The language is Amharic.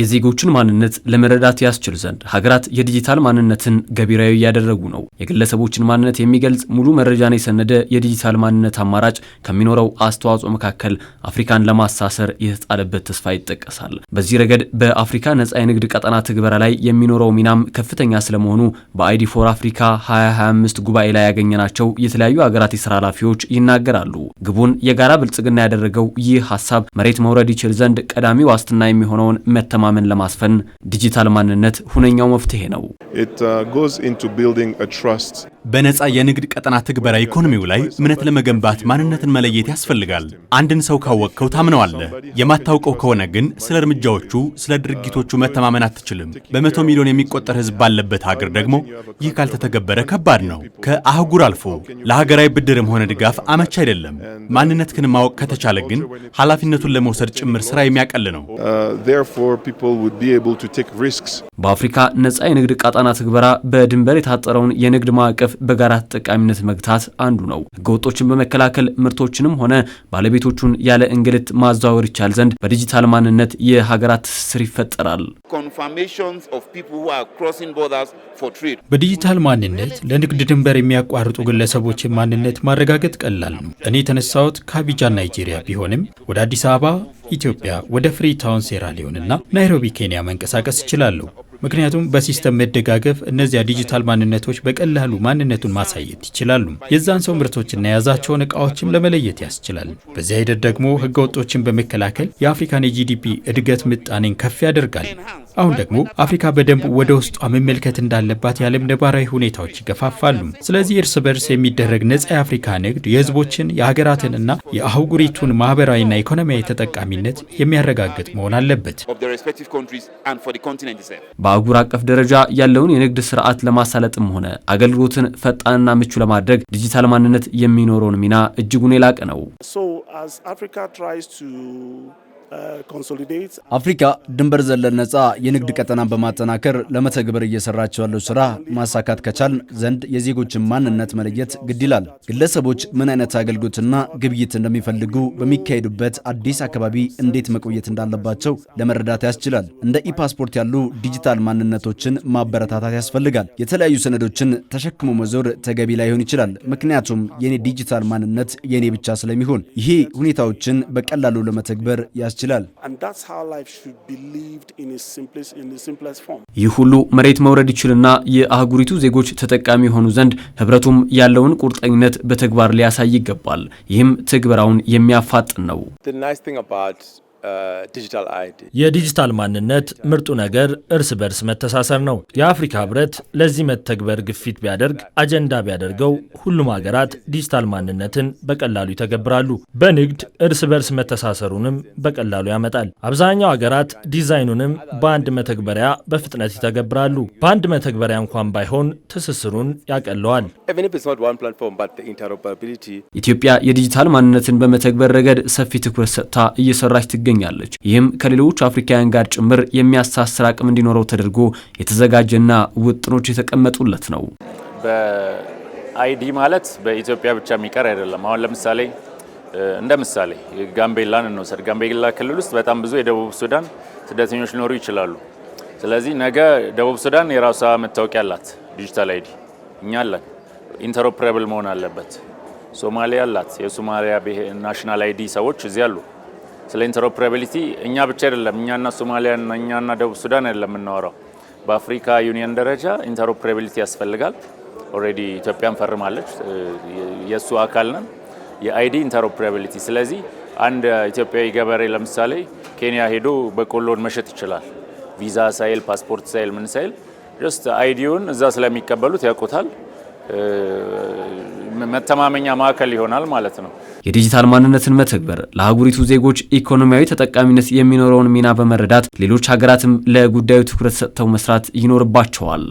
የዜጎችን ማንነት ለመረዳት ያስችል ዘንድ ሀገራት የዲጂታል ማንነትን ገቢራዊ እያደረጉ ነው። የግለሰቦችን ማንነት የሚገልጽ ሙሉ መረጃን የሰነደ የዲጂታል ማንነት አማራጭ ከሚኖረው አስተዋጽኦ መካከል አፍሪካን ለማሳሰር የተጣለበት ተስፋ ይጠቀሳል። በዚህ ረገድ በአፍሪካ ነጻ የንግድ ቀጠና ትግበራ ላይ የሚኖረው ሚናም ከፍተኛ ስለመሆኑ በአይዲ ፎር አፍሪካ 2025 ጉባኤ ላይ ያገኘናቸው የተለያዩ ሀገራት የስራ ኃላፊዎች ይናገራሉ። ግቡን የጋራ ብልጽግና ያደረገው ይህ ሀሳብ መሬት መውረድ ይችል ዘንድ ቀዳሚ ዋስትና የሚሆነውን መተማ መተማመን ለማስፈን ዲጂታል ማንነት ሁነኛው መፍትሄ ነው። uh, በነፃ የንግድ ቀጠና ትግበራ ኢኮኖሚው ላይ እምነት ለመገንባት ማንነትን መለየት ያስፈልጋል። አንድን ሰው ካወቅከው ታምነዋለህ። የማታውቀው ከሆነ ግን ስለ እርምጃዎቹ፣ ስለ ድርጊቶቹ መተማመን አትችልም። በመቶ ሚሊዮን የሚቆጠር ህዝብ ባለበት ሀገር ደግሞ ይህ ካልተተገበረ ከባድ ነው። ከአህጉር አልፎ ለሀገራዊ ብድርም ሆነ ድጋፍ አመች አይደለም። ማንነትህን ማወቅ ከተቻለ ግን ኃላፊነቱን ለመውሰድ ጭምር ስራ የሚያቀል ነው። በአፍሪካ ነፃ የንግድ ቀጠና ትግበራ በድንበር የታጠረውን የንግድ ማዕቀፍ በጋራ ተጠቃሚነት መግታት አንዱ ነው። ህገወጦችን በመከላከል ምርቶችንም ሆነ ባለቤቶቹን ያለ እንግልት ማዘዋወር ይቻል ዘንድ በዲጂታል ማንነት የሀገራት ትስስር ይፈጠራል። በዲጂታል ማንነት ለንግድ ድንበር የሚያቋርጡ ግለሰቦችን ማንነት ማረጋገጥ ቀላል ነው። እኔ የተነሳሁት ከአቢጃን ናይጄሪያ ቢሆንም ወደ አዲስ አበባ ኢትዮጵያ፣ ወደ ፍሪታውን ሴራሊዮን እና ናይሮቢ ኬንያ መንቀሳቀስ እችላለሁ። ምክንያቱም በሲስተም መደጋገፍ እነዚያ ዲጂታል ማንነቶች በቀላሉ ማንነቱን ማሳየት ይችላሉ። የዛን ሰው ምርቶችና የያዛቸውን እቃዎችም ለመለየት ያስችላል። በዚያ ሂደት ደግሞ ህገወጦችን በመከላከል የአፍሪካን የጂዲፒ እድገት ምጣኔን ከፍ ያደርጋል። አሁን ደግሞ አፍሪካ በደንብ ወደ ውስጧ መመልከት እንዳለባት የዓለም ነባራዊ ሁኔታዎች ይገፋፋሉ። ስለዚህ እርስ በርስ የሚደረግ ነጻ የአፍሪካ ንግድ የህዝቦችን የሀገራትንና የአህጉሪቱን ማህበራዊና ኢኮኖሚያዊ ተጠቃሚነት የሚያረጋግጥ መሆን አለበት። በአህጉር አቀፍ ደረጃ ያለውን የንግድ ስርዓት ለማሳለጥም ሆነ አገልግሎትን ፈጣንና ምቹ ለማድረግ ዲጂታል ማንነት የሚኖረውን ሚና እጅጉን የላቀ ነው። አፍሪካ ድንበር ዘለል ነጻ የንግድ ቀጠናን በማጠናከር ለመተግበር እየሰራቸው ያለው ስራ ማሳካት ከቻልን ዘንድ የዜጎችን ማንነት መለየት ግድ ይላል። ግለሰቦች ምን አይነት አገልግሎትና ግብይት እንደሚፈልጉ በሚካሄዱበት አዲስ አካባቢ እንዴት መቆየት እንዳለባቸው ለመረዳት ያስችላል። እንደ ኢፓስፖርት ያሉ ዲጂታል ማንነቶችን ማበረታታት ያስፈልጋል። የተለያዩ ሰነዶችን ተሸክሞ መዞር ተገቢ ላይሆን ይችላል። ምክንያቱም የኔ ዲጂታል ማንነት የኔ ብቻ ስለሚሆን፣ ይሄ ሁኔታዎችን በቀላሉ ለመተግበር ያስ ይችላል። ይህ ሁሉ መሬት መውረድ ይችልና የአህጉሪቱ ዜጎች ተጠቃሚ የሆኑ ዘንድ ህብረቱም ያለውን ቁርጠኝነት በተግባር ሊያሳይ ይገባል። ይህም ትግበራውን የሚያፋጥን ነው። የዲጂታል ማንነት ምርጡ ነገር እርስ በርስ መተሳሰር ነው። የአፍሪካ ህብረት ለዚህ መተግበር ግፊት ቢያደርግ አጀንዳ ቢያደርገው ሁሉም ሀገራት ዲጂታል ማንነትን በቀላሉ ይተገብራሉ። በንግድ እርስ በርስ መተሳሰሩንም በቀላሉ ያመጣል። አብዛኛው ሀገራት ዲዛይኑንም በአንድ መተግበሪያ በፍጥነት ይተገብራሉ። በአንድ መተግበሪያ እንኳን ባይሆን ትስስሩን ያቀለዋል። ኢትዮጵያ የዲጂታል ማንነትን በመተግበር ረገድ ሰፊ ትኩረት ሰጥታ እየሰራች ትገኛል። ትገኛለች። ይህም ከሌሎች አፍሪካውያን ጋር ጭምር የሚያሳስር አቅም እንዲኖረው ተደርጎ የተዘጋጀና ውጥኖች የተቀመጡለት ነው። በአይዲ ማለት በኢትዮጵያ ብቻ የሚቀር አይደለም። አሁን ለምሳሌ እንደ ምሳሌ ጋምቤላን እንውሰድ። ጋምቤላ ክልል ውስጥ በጣም ብዙ የደቡብ ሱዳን ስደተኞች ሊኖሩ ይችላሉ። ስለዚህ ነገ ደቡብ ሱዳን የራሷ መታወቂያ አላት፣ ዲጂታል አይዲ። እኛ አለን። ኢንተሮፕሬብል መሆን አለበት። ሶማሊያ አላት፣ የሶማሊያ ናሽናል አይዲ ሰዎች እዚህ አሉ። ስለ ኢንተሮፕራቢሊቲ እኛ ብቻ አይደለም፣ እኛና ሶማሊያ እኛና ደቡብ ሱዳን አይደለም የምናወራው። በአፍሪካ ዩኒየን ደረጃ ኢንተሮፕራቢሊቲ ያስፈልጋል። ኦልሬዲ ኢትዮጵያን ፈርማለች፣ የእሱ አካል ነን። የአይዲ ኢንተሮፕራቢሊቲ። ስለዚህ አንድ ኢትዮጵያዊ ገበሬ ለምሳሌ ኬንያ ሄዶ በቆሎን መሸጥ ይችላል። ቪዛ ሳይል፣ ፓስፖርት ሳይል፣ ምን ሳይል ጀስት አይዲውን እዛ ስለሚቀበሉት ያውቁታል። መተማመኛ ማዕከል ይሆናል ማለት ነው። የዲጂታል ማንነትን መተግበር ለአህጉሪቱ ዜጎች ኢኮኖሚያዊ ተጠቃሚነት የሚኖረውን ሚና በመረዳት ሌሎች ሀገራትም ለጉዳዩ ትኩረት ሰጥተው መስራት ይኖርባቸዋል።